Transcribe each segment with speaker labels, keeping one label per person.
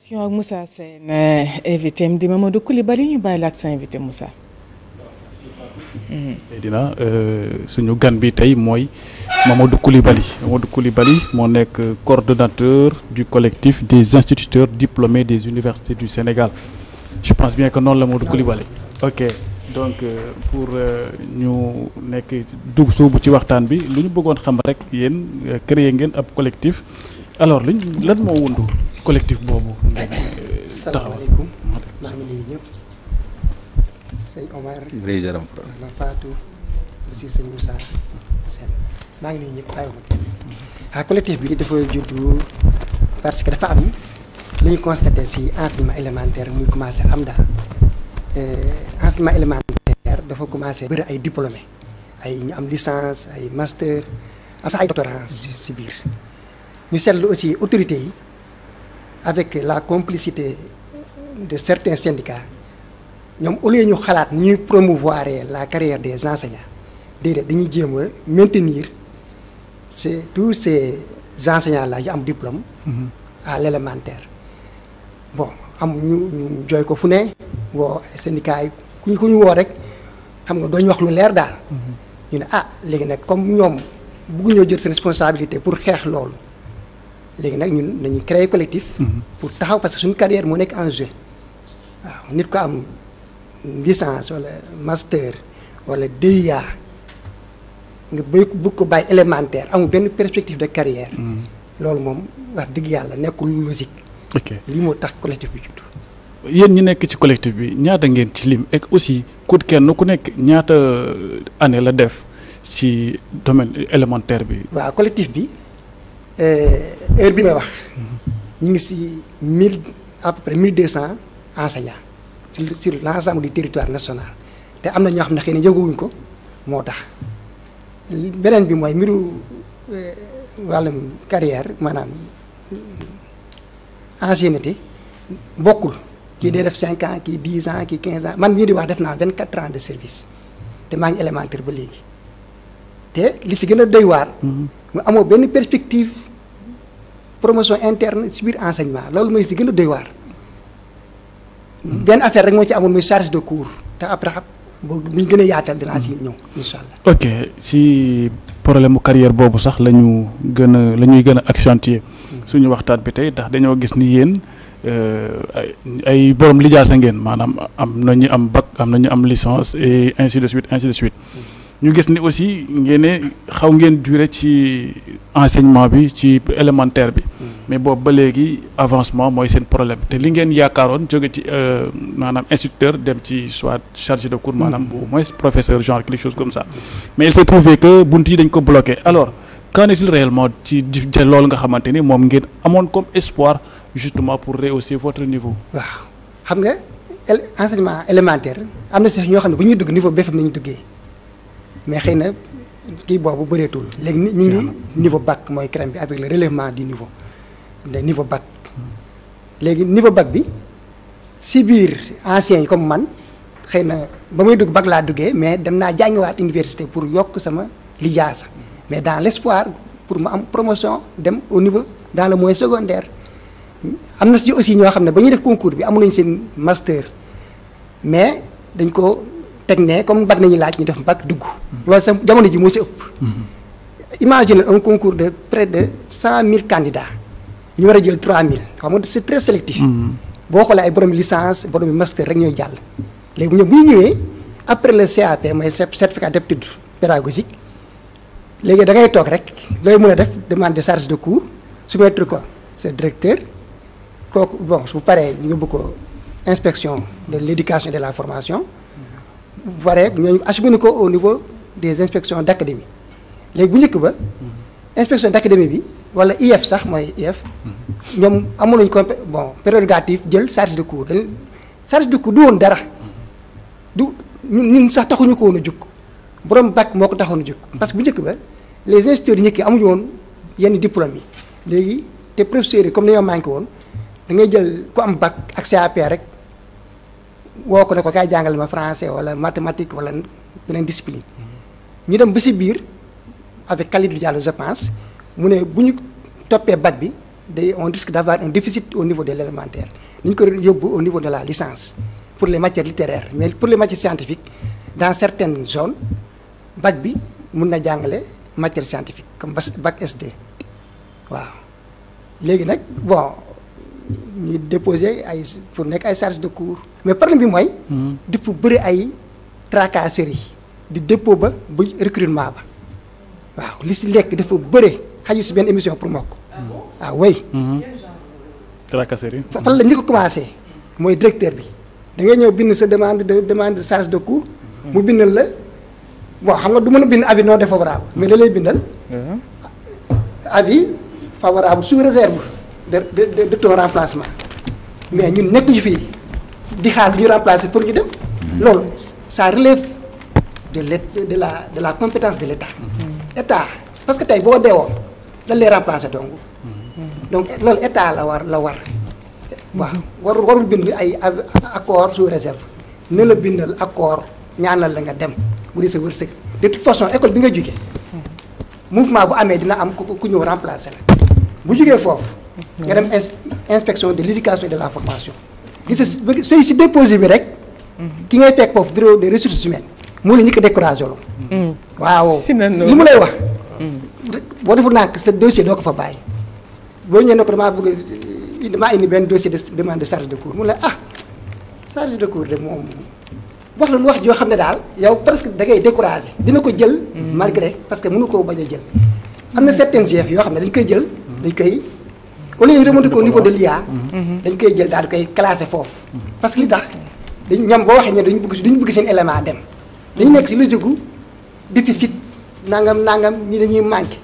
Speaker 1: question ak Moussa Sène
Speaker 2: invité di Mamadou Coulibaly ñu bàyyi la ak sa invité Moussa. Mm-hmm. Euh, suñu gan bi tey mooy Mamadou Coulibaly Mamadou Coulibaly moo nekk coordonnateur du collectif des instituteurs diplômés des universités du Sénégal je pense bien que noonu la Mamadou Coulibaly ok donc euh, pour euh, ñu nekk dugg suubu ci waxtaan bi lu ñu bëggoon xam rek yéen euh, créer ngeen ab collectif alors luñ lan moo wundu collectif boobu.
Speaker 1: salaamaaleykum maa ngi nuyu ñëpp. sëñ Omar. Régiram la Fatou. aussi maa ngi nuyu ñëpp bàyyi ma kenn. ah collectif bi juddu parce que dafa am lu ñu constaté si enseignement élémentaire muy commencé am daal eh, enseignement élémentaire dafa commencé bëri ay diplômé ay ñu am licence ay master am sax ay doctorat si biir ñu seetlu aussi autorités yi. avec la complicité de certains syndicats ñoom au lieu ñu xalaat ñuy promouvoir la carrière des enseignants déedéet dañuy jéem a maintenir c'est tous ces enseignants là yu am diplôme à l'élémentaire bon am ñu ñu jooy ko fu ne woo syndicat yi ku ñu ku ñu woo rek xam nga dooñu wax lu leer daal mhm. ñu ne ah léegi nag comme ñoom bëgguñoo jël seen responsabilité pour xeex loolu léegi nag ñu dañuy créer collectif. Mhm. pour taxaw parce que suñu carrière moo nekk en jeu waaw nit ko am licence wala master wala DEA nga bëgg bëgg ko bàyyi élémentaire amul benn perspective de carrière. Mhm. loolu moom wax dëgg yàlla nekkul logique. ok lii moo tax collectif bi
Speaker 2: judd. yéen ñi nekk ci collectif bi ñaata ngeen ci lim ak aussi ku kenn ku nekk ñaata année la def ci domaine élémentaire bi.
Speaker 1: waaw collectif bi. Euh, heure bi may wax ñu ngi si mille à peu près mille deux cent enseignants sur sur l' ensemble du territoire national te am na ñoo xam ne xëy na yëguwuñ ko moo tax beneen bi mooy mbiru euh, wàllum carrière maanaam euh, ancienneté bokkul kii dee def cinq ans kii dix ans kii quinze ans man mii di wax def naa vingt quatre ans de service te maa ngi élémentaire ba léegi te li si gën a doy waar mm-hmm. mu amoo benn perspective promotion interne ci biir enseignement loolu mooy si gën a doy waar. benn affaire rek moo ci amoon muy charge de cours te après bu ñu gën a yaatal dinaa si ñëw incha allah.
Speaker 2: ok si problème mu carrière boobu sax la ñu gën a la ñuy gën a accentuer suñu waxtaan bi tey ndax dañoo gis ni yéen euh, ay lijaa lijaasa ngeen maanaam am na ñu am bac am na ñu am licence et ainsi de suite ainsi de suite. ñu gis ni aussi ngeen ne xaw ngeen duré ci enseignement bi ci élémentaire bi mm. mais boobu ba léegi avancement mooy seen problème te li ngeen yaakaaroon jóge ci euh, maanaam instructeur dem ci soit chargé de cours maanaam mm. au moins professeur genre quelque chose comme ça mais il s'est trouvé que bunt yi dañ ko bloqué alors qu'en est-il réellement ci loolu nga xamante ni moom ngeen amoon comme espoir justement pour rehausser votre niveau
Speaker 1: waaw xam nga enseignement élémentaire ñoo xam ne bu ñuy dugg niveau BFEM nañu duggee mais xëy na kii boobu bëreetul léegi ñu ngi niveau bac mooy crème bi avec le relèvement du niveau le niveau bac léegi niveau bac bi si biir anciens yi comme man xëy na ba muy dugg bac laa duggee mais dem naa jàngiwaat université pour yokk sama lijaasa mais dans l'espoir pour mu am promotion dem au niveau dans le moyen secondaire am na si aussi ñoo xam ne ba ñu def concours bi amunañ seen master mais dañ ko teg ne comme bac nañu laaj ñu def bac dugg loolu sa jamono ji moo si ëpp imagine un concours de près de cent mille candidats ñu war a jël trois mille xam nga c'est très sélectif boo xoolee ay borom licence borom master rek ñooy jàll léegi ñoom bu ñu ñëwee après le CAP mooy certificat d'aptitude pédagogique léegi da ngay toog rek looy mën a def demande de charge de cours soumettre ko directeur kooku bon su paree ñu yóbbu ko inspection de l'éducation et de la formation bu waree ñooñu acheminé ko au niveau des inspections d' académie léegi bu njëkk ba inspection d' bi wala IF sax mooy IF ñoom amuloñ ko bon prérogative jël charge de cours dañ charge de cours du woon dara du ñun sax taxuñu ko woon a jukk borom bac moo ko taxoon a jukk parce que bu njëkk ba les instituteurs yi njëkk amuñu woon yenn diplôme yi léegi te professeurs yi comme dañoo manqué woon da ngay jël ku am bac ak CAP rek woo ko ne ko kaay jàngal ma français wala mathématique wala beneen discipline ñu dem ba si biir avec Khalidou Diallo je pense mu ne bu ñu toppee bac bi day en risque d'avoir un déficit au niveau de l'élémentaire ni ñu ko yóbbu au niveau de la licence pour les matières littéraires mais pour les matières scientifiques dans certaines zones bac bi mun na jàngale matière scientifique comme bac SD waaw léegi nag bon ñu déposer ay pour nekk ay charge de cours mais problème bi mooy. Hmm. dafa bëri ay tracasseries di dépôt ba bu recrutement ba waaw li si lekk bu bëri xaju si benn émission pour mokk. waaw way tracasserie. fan la ñu ko commencé mooy directeur bi da ngay ñëw bind sa demande de demande de charge de coût. Hmm. mu bind la bon xam nga du mën a bind avis non défavorable mais da lay bindal. Uh-huh. avis favorable sous réserve de de de ton remplacement mais ñun nekkuñu fii. di xaar ñu remplacer pour ñu dem. loolu ça relève de l' de la de la compétence de l' état. parce que tey boo deewoon lal lay remplacer donc. donc loolu état la war la war. waaw warul warul bind ay accord sous réserve ne la bindal accord ñaanal la nga dem bu dee sa wërsëg de toute façon école bi nga jógee mouvement bu amee dina am ku ñëw remplacer la bu jógee foofu nga dem inspection de l' de la formation gis nga sooy si déposé bi rek. ki ngay teg foofu bureau des ressources humaines moo la ñu ko découragé loolu. Mm. waaw li mu lay wax. boo deful nànk sa dossier doo ko fa bàyyi. boo ñëwee ne ko damaa bëgg damaa indi benn dossier de demande de charge de cours mu la ah charge de cours de moom wax la lu wax joo xam ne daal yow presque da ngay découragé. dina ko jël. Mm. malgré parce que mënu koo bañ a jël. am na certains chefs yoo xam ne dañ koy jël. dañ koy. au lieu remonter ko au niveau de l'IA mmh. Mmh. dañ koy jël daal di koy classer foofu parce que li tax dañ ñoom boo waxee ne dañu bëgg dañu bëgg seen élément dem dañu nekk si logique gu déficit nangam nangam ñi dañuy manqué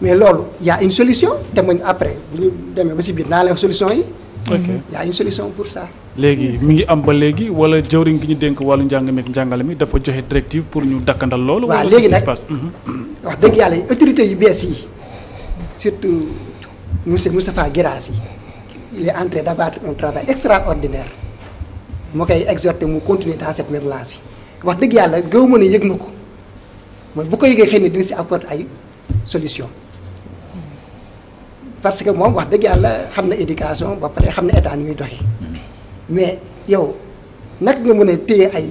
Speaker 1: mais loolu yaa a une solution te muñ après bu ñu demee ba si biir naa la solution yi y une solution pour ça
Speaker 2: léegi mu ngi am ba léegi wala jëwriñ gi ñu dénk wàllu njàng meek njàngale mi dafa joxe directive pour ñu dakkandal loolu waaw léegi nag mmh.
Speaker 1: wax dëgg yàlla autorités yu bees yi monsieur Moustapha Guirassy il est en train d'abattre un travail extraordinaire mu koy exhorté mu continuer dans cette même lancée wax dëgg yàlla gëw ma ne yëg na ko mooy bu ko yëgee xëy na dina si apporter ay solution parce que moom wax dëgg yàlla xam na éducation ba pare xam na état ni muy doxee mais yow naka nga mën a ay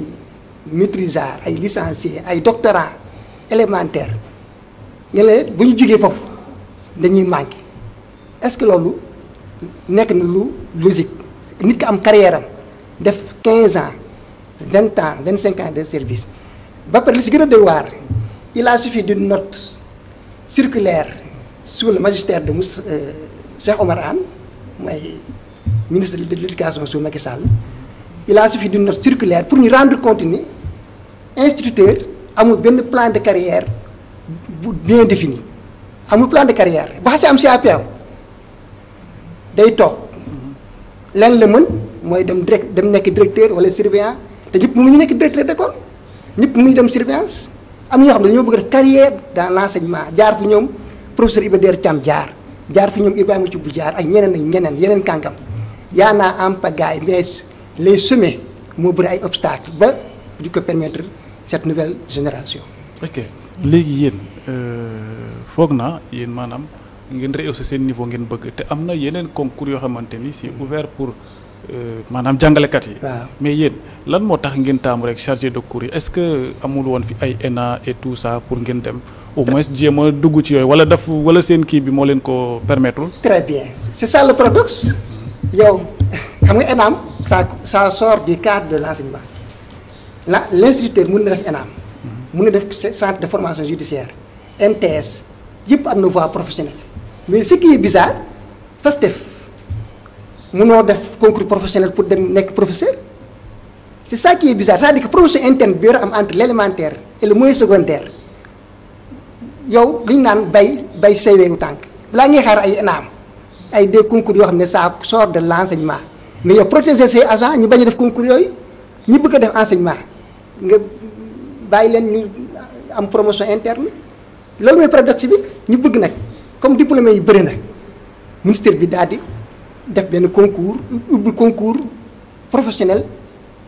Speaker 1: maîtrisard ay licencié ay doctorat élémentaire nga ne bu ñu jugee foofu dañuy manqué est-ce que loolu nekk na lu logique nit ki am carrière am def 15 ans 20 ans 25 ans de service ba pare li si gën a doy waar il a suffi d'une note circulaire sous le magistère de Moussa euh, Cheikh Omar Anne mooy ministre de l'éducation sous Macky Sall il a suffi d'une note circulaire pour ñu rendre compte ni instituteur amul benn plan de carrière bu bien défini amul plan de carrière ba xasee am CAPM day toog lenn la mën mooy dem direct dem nekk directeur wala surveillant te ñëpp mu ñu nekk de directeur d'école mu muy dem surveillance am ñoo xam ne ñoo bëgg def carrière dans l'enseignement jaar fu ñoom professeur Iba Der Thiam jaar jaar fu ñoom Ibrahima Thioub jaar ak ñeneen ak ñeneen yeneen kàngam yaa naa am pagaille mais les sommets moo bëri ay obstacles ba du ko permettre cette nouvelle génération.
Speaker 2: ok léegi yéen euh, foog naa yéen maanaam. ngeen rehausser seen niveau ngeen bëgg te am na yeneen concours yoo xamante ni c'est ouvert pour euh, maanaam jàngalekat yi. mais yéen lan moo tax ngeen taamu rek chargé de cours yi est-ce que amul woon fi ay ENA et tout ça pour ngeen dem. au moins jéem a dugg ci yooyu wala daf wala seen kii bi moo leen ko permettre. très bien
Speaker 1: c'est ça le paradoxe. yow xam nga ENAM ça ça sort du cadre de l'enseignement la l'instituteur mën na def ENAM. mën mhm. na def centre de formation judiciaire. MTS yëpp am na voie professionnelle. mais ce qui est bizarre Pastef noo def concours professionnel pour dem nekk professeur si ça kii est bizarre c'est-à-dire que promotion interne bi war am entre l'élémentaire et le secondaire yow li ñu naan bay bay u tànk balaa ngi xaar ay am ay des concours yoo xam ne ça sort de l'enseignement mais yow protéger ses agent ñu bañ a def concours yooyu ñu bëgg a def enseignement nga bàyyi leen ñu am promotion interne loolu mooy paradoxe bi ñu bëgg nag. comme diplômé yi bëri na ministère bi daal def benn concours ubbi concours professionnel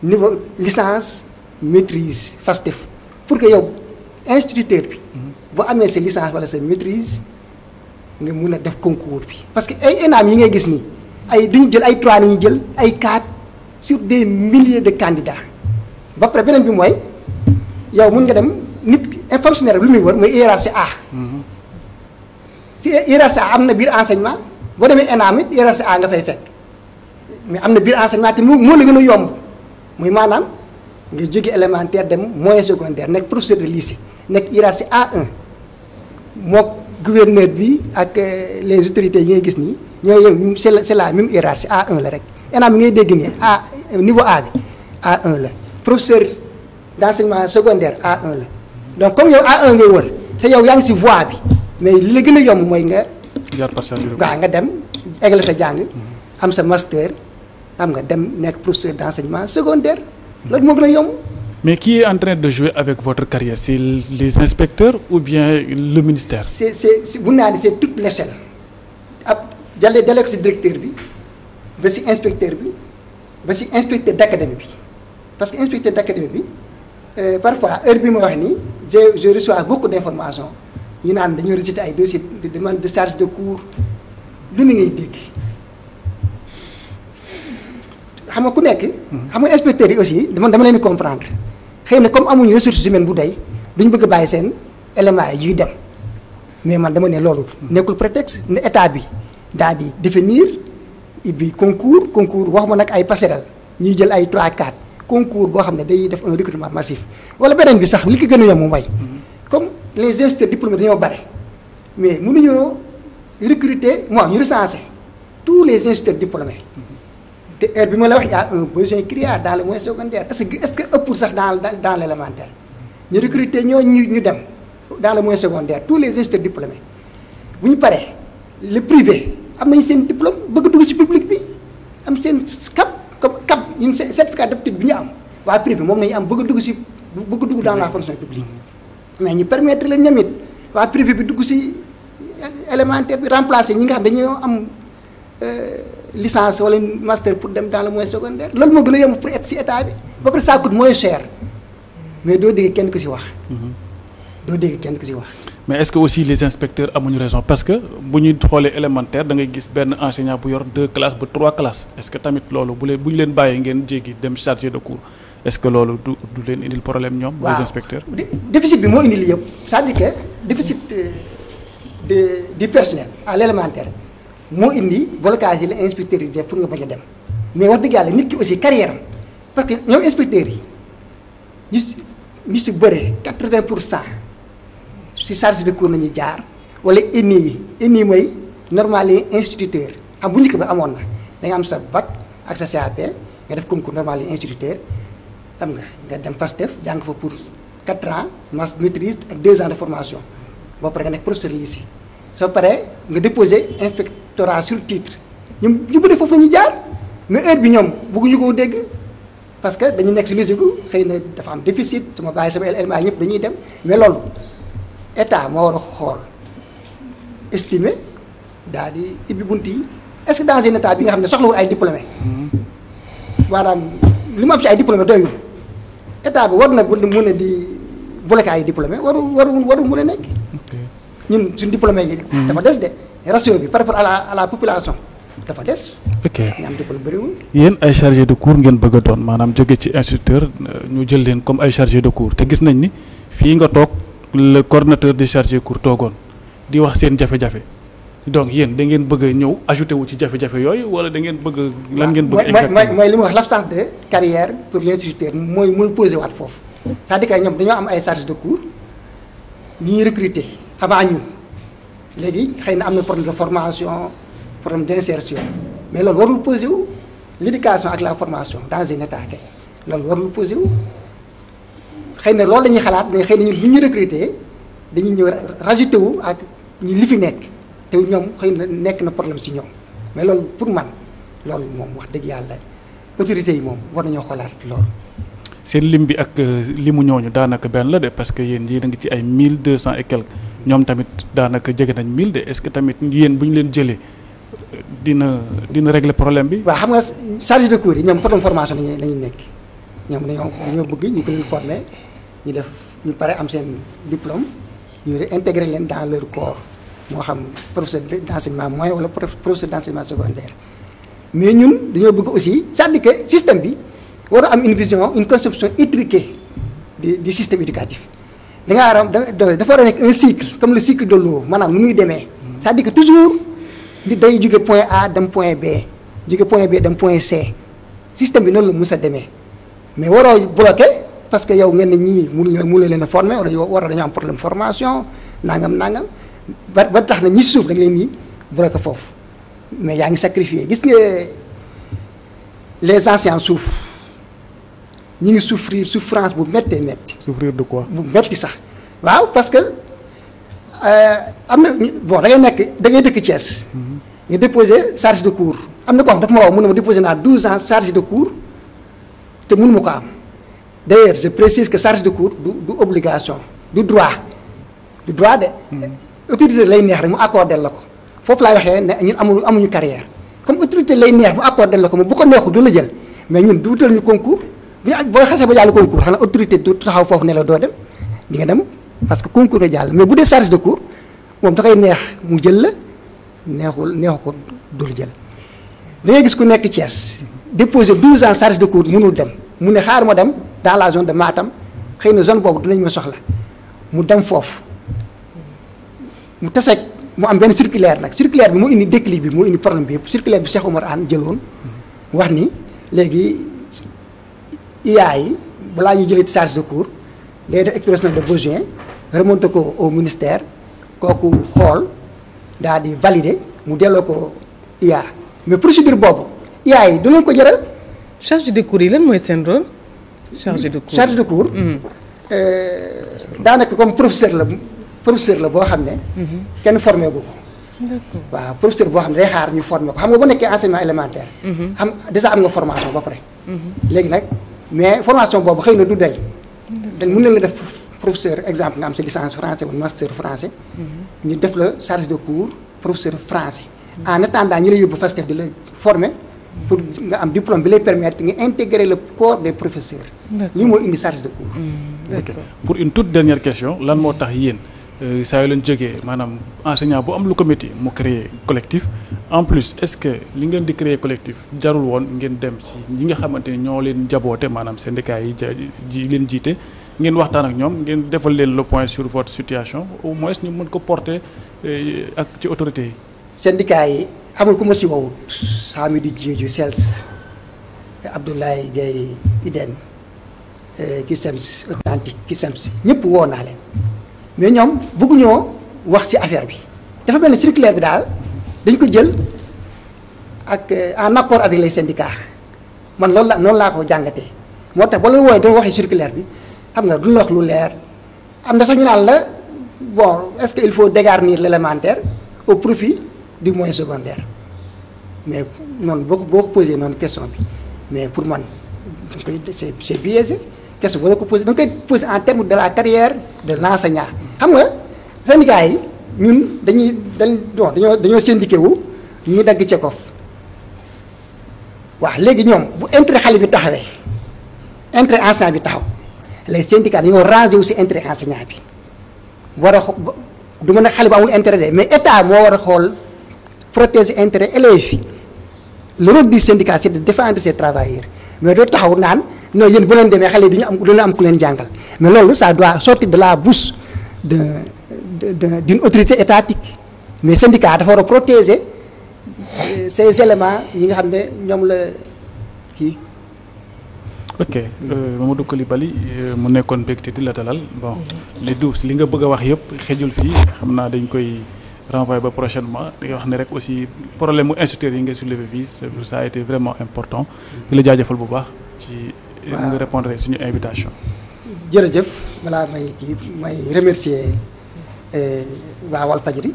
Speaker 1: niveau licence maîtrise FASTEF pour que yow instituteur bi. Mhm. boo amee sa licence wala sa maîtrise nga mun a def concours bi. parce que ay ENAM yi ngay gis nii ay duñu jël ay trois ñu jël ay quatre sur des milliers de candidats ba pare beneen bi mooy yow mun nga dem nit ki fonctionnaire bi lu muy wër mooy hiérarchie A. Mhm. si IRSA am na biir enseignement boo demee ENAM it IRSA nga fay fekk mais am na biir enseignement te mu moo la gën a yomb muy maanaam nga jóge élémentaire dem moyen secondaire nekk professeur de lycée nekk IRSA A1 mook gouverneur bi ak euh, les autorités yi ngay gis nii ñoo yem c'est la c'est la même hiérarchie A1 la rek ENAM ngay dégg nii A niveau A bi A1 la professeur d'enseignement secondaire A1 la donc comme yow A1 ngay wër te bi. mais li la gën a yomb mooy nga.
Speaker 2: waaw
Speaker 1: nga dem eggal sa jàng. am sa master am nga dem nekk professeur d' enseignement secondaire. loolu moo gën a yomb.
Speaker 2: mais qui est en de jouer avec votre carrière c'est les inspecteurs ou bien le ministère.
Speaker 1: c' est c' est mun naa ne c' est toute l' échelle ab jàllee dalee ko si directeur bi ba si inspecteur bi ba si inspecteur d' académie bi parce que inspecteur d' bi euh, parfois heure bi ma wax nii je je reçois beaucoup d' informations. ñu naan dañoo rejeté ay dossier de demande de charge de cours lu ni ngay dégg xam nga ku nekk. xam nga inspecteurs yi aussi dama dama leen comprendre xëy na comme amuñu ressources humaines bu day duñ bëgg bàyyi seen éléments yi yuy dem mais man dama ne loolu. nekkul prétexte ne état bi daal di définir ibbi concours concours wax ma nag ay passerelle ñuy jël ay 3 4 concours boo xam ne day def un recrutement massif wala beneen bi sax li ko gën a yomb mooy comme. les ingénieurs diplômés dañoo bare mais munu mënuñoo recruter moi ñu recenser tous les ingénieurs diplômés te heure bi ma la wax a un besoin criard dans le moyen secondaire est-ce que est-ce que ëppul sax dans dans l'élémentaire ñu recruter ñoo ñu ñu dem dans le moyen secondaire tous les ingénieurs diplômés bu ñu pare le privé am nañ seen diplôme bëgg dugg ci public bi am seen cap comme cap ñun certificat d'aptitude bi ñu am waa privé moom nañu am bëgg dugg ci bëgg dugg dans la fonction publique mais ñu permettre leen namit it waa privé bi dugg si élémentaire bi remplacer ñi nga xam dañoo am euh, licence wala master pour dem dans le moyen secondaire loolu moo gën a yomb pour être si état bi ba pare ça coûte moins cher mais doo dégg kenn ku si wax. Mm-hmm. doo dégg kenn ku si wax.
Speaker 2: mais est-ce que aussi les inspecteurs amuñu raison parce que bu ñu xoolee élémentaire dangay gis benn enseignant bu yor deux classes ba trois classes est-ce que tamit loolu bu leen leen bàyyee ngeen jéggi dem chargé de cours. est-ce que loolu du du leen indil problème ñoom. waaw les inspecteurs. déficit bi moo indi li yëpp
Speaker 1: c'est-à-dire que euh, de personnel à l'élémentaire moo indi blocage yi la inspecteurs yi def pour nga bañ a dem mais wax dëgg yàlla nit ki aussi carrière am parce que ñoom inspecteurs yi ñu si ñu si bëree quatre-vingt pour cent si charge de cours nañu jaar wala ENI yi ENI mooy normal yi instituteur am ah, bu njëkk ba amoon na da nga am sa bac ak sa CAP nga def concours n yi instituteur. xam nga nga dem Pastef jàng fa pour 4 ans mas maîtrise ak 2 ans de formation boo paree nga nekk professeur lycée soo paree nga déposé inspectorat sur titre ñu ñu bëri foofu la ñuy jaar mais heure bi ñoom ñu ko dégg parce que dañu nekk si logique xëy na dafa am déficit su ma bàyyi sama élément ñëpp dañuy dem mais loolu état moo war a xool estimer daal di ibbi bunt yi est-ce que bi nga xam ne soxlawul ay diplômé
Speaker 2: mm-hmm.
Speaker 1: maanaam. li mu am ci ay diplômé doyul bi war na mën a di bloqué ay diplômé waru waru waru mën a nekk ñun suñ diplômé yi hmm. dafa des de ratio bi par rapport à la à la population dafa des. ok ñu am diplôme bëriwul.
Speaker 2: yéen ay chargé de cours ngeen bëgg a doon maanaam jóge ci instituteur euh, ñu jël leen comme ay chargé de cours te gis nañ ni fii nga toog le coordonnateur des chargés toogoon di wax seen jafe-jafe. donc yéen da ngeen bëgg ñëw ajouté wu ci jafe-jafe yooyu wala da ngeen bëgg lan ngeen bëgg exactement mooy
Speaker 1: li ma wax l'absence de carrière pour les instituteurs mooy mooy posé waat foofu c'est-à-dire que ñoom dañoo am ay charge de cours ñuy recruter avant ñu léegi xëy na am na problème de formation problème d'insertion mais loolu warul posé wu l'éducation ak la formation dans un état kay loolu warul posé xëy na loolu dañuy xalaat mais xëy na ñu bu ñu recruter dañuy ñëw rajouté wu ak ñu li fi nekk te ñoom xëy na nekk na problème si ñoom mais loolu pour man loolu moom wax dëgg yàlla autorités yi moom war nañoo xoolaat loolu.
Speaker 2: seen lim bi ak limu ñooñu daanaka benn la de parce que yéen yéen da ngi ci ay mille deux cent et quelques ñoom tamit daanaka jege nañ mille de est-ce que tamit yéen bu ñu leen jëlee dina dina régler problème bi. waaw
Speaker 1: xam nga chargé de cours yi ñoom problème formation lañuy lañuy nekk ñoom dañoo dañoo bëgg ñu ko leen former ñu def ñu pare am seen diplôme ñu réintégrer leen dans leur corps. moo xam professeur d'enseignement moyen wala professeur d'enseignement secondaire mais ñun dañoo bëgg aussi cest à système bi war am une vision une conception étriquée du du système éducatif da ngaa war dafa war a un cycle comme le cycle de l'eau maanaam nu muy demee c'est-à-dire que toujours nit day jóge point A dem point B jóge point B dem point C système bi noonu la mus a demee mais waroo bloqué parce que yow ngeen ne ñii mënuñu mënuñu leen a former wala war a dañoo am problème formation nangam nangam. ba ba tax na ñi suuf da nga leen di foofu mais yaa ngi sacrifié gis nga les anciens souffrent ñi ngi souffrir souffrance bu méttee métti. souffrir de quoi. bu métti sax waaw parce que euh, am na bon da nekk da ngay dëkk Thiès. Mhm. nga déposé charge de cours am na ko xam dafa ma woo mun na ma déposé naa 12 ans charge de cours te mënuma ko am d'ailleurs je précise que charge de cours du du obligation du droit du droit de. Mhm. autorité lay neex rek mu accordé la ko foofu laay waxee ne ñun amuñu amuñu carrière comme autorité lay neex mu accordé la ko moom bu ko neexul du la jël mais ñun du wutal ñu concours bu boo xasee ba jàll ne la doo dem di nga dem parce que concours la jàll mais bu dee charge moom da koy neex mu jël la neexul neexu ko du la gis ku nekk Thiès déposé 12 ans charge de cours mënul dem mu ne xaar ma dem dans la zone de maatam xëy na zone boobu dinañ ma soxla mu dem foofu. mu taseeg mu am benn circulaire nag circulaire bi moo indi déclic bi moo indi problème bi yëpp circulaire bi Cheikh Omar Anne jëloon wax ni léegi IA yi balaa ñu jëlee charge de cours day def expression de besoin remonté ko au ministère kooku xool daal di valider mu delloo ko IA mais procédure boobu IA yi du leen ko jëral. charge de cours yi lan mooy seen rôle. charge de cours charge de mm. euh, daanaka comme professeur la. professeur la boo xam ne. kenn formé gu ko. waaw professeur boo xam ne day xaar ñu formé ko xam nga bu nekkee enseignement élémentaire. Mhm. am déjà am nga formation ba pare. Mhm. léegi nag mais formation boobu xëy na du doy. dañ mën na la def professeur exemple nga am sa licence français wala master français. Mhm. ñu def la charge de cours professeur français. en attendant ñu lay yóbbu FASTEF di la former. pour nga am diplôme bi lay permettre nga intégrer le corps de cours.
Speaker 2: pour une toute Euh, saa yu leen jógee maanaam enseignant bu am lu comité mu créer collectif en plus est-ce que li ngeen di créer collectif jarul woon ngeen dem si ñi nga xamante ni ñoo leen jaboote maanaam syndicat yi ji leen jiite ngeen waxtaan ak ñoom ngeen defal leen le point sur votre situation au moins
Speaker 1: ñu mën ko porter euh, ak ci autorité yi. syndicat yi amul ku ma si wowut Hamidou Diédhiou SELS Abdoulaye Gaye Iden CUSEMS euh, authentique CUSEMS ñëpp woo naa leen. mais ñoom bëgguñoo wax ci affaire bi dafa mel ne circulaire bi daal dañ ko jël ak euh, en accord avec les syndicats man loolu la noonu laa ko jàngatee moo tax ba la wooyee waxee circulaire bi xam nga du lox lu leer am na sax ñu naan la bon est-ce que il faut dégarnir l'élémentaire au profit di moyen secondaire mais noonu boo ko boo ko posé noonu question bi mais pour man da nga koy c'est biaisé bi boo la ko posé da nga koy posé en terme de la carrière de l'enseignant xam nga syndicat yi ñun dañuy dañ bon dañoo dañoo syndiqué wu ñu dagg cekof waaw léegi ñoom bu intérêt xale bi taxawee intérêt enseignant bi taxaw les syndicats dañoo rangé wu si intérêt enseignant bi war a du mën a xale bu amul intérêt de mais état moo war a xool protéger intérêt élèves yi le rôle du syndicat c'est de défendre ses travailleurs mais doo taxaw naan non yéen bu leen demee xale yi du ñu am du leen am ku leen jàngal mais loolu ça doit sortir de la bouche din autorité étatique mais syndicat dafa war a protéger euh, ces éléments ñi nga xam ne ñoom la kii.
Speaker 2: ok euh, Mamadou Coulibaly euh, mu nekkoon mbégte di la dalal bon li duus li nga bëgg wax yëpp xejul fii xam naa dañ koy renvoyer ba prochainement di nga wax ne rek aussi problème mu instituteurs yi nga soulevé fii ça a été vraiment important di la jaajëfal bu baax. ci nga répondre suñu
Speaker 1: invitation. jërëjëf balaa may kii may remercier eh, waa Walfadjri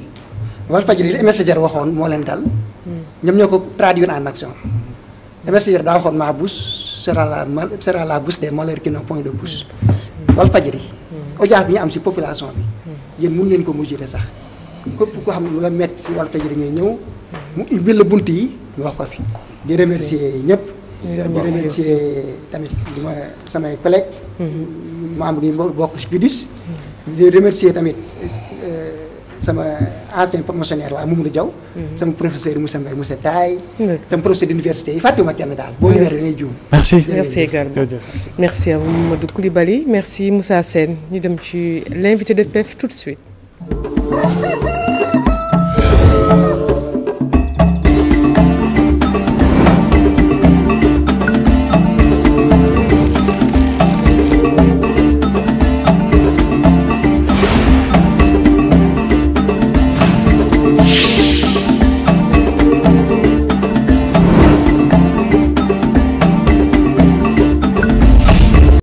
Speaker 1: Walfadjri li Messager waxoon moo leen dal ñoom ñoo ko traduire en action Messager daa waxoon ma bouche sera la sera la bouche des malheurs qui n'ont point de bouche Walfadjri audience bi ñu am si population bi yéen mun leen ko mesurer sax képp ko xam ne lu la metti si Walfadjri ngay ñëw mu ubbil la bunt yi nga wax ko fi di remercier ñëpp Mhm. di remercier tamit di samay collègues. membre yi bokk ci GIDIS. di remercier tamit sama ancien promotionnaire waa Mamadou Diaw. Mhm. sama professeur Moussa Mbaye Moussa Taye. sama professeur d'université yi fàttewuma kenn daal boo libéré da ngay juum. merci merci également merci à vous Mamadou Coulibaly merci Moussa Sène ñu dem ci l'invité de PEF tout de suite.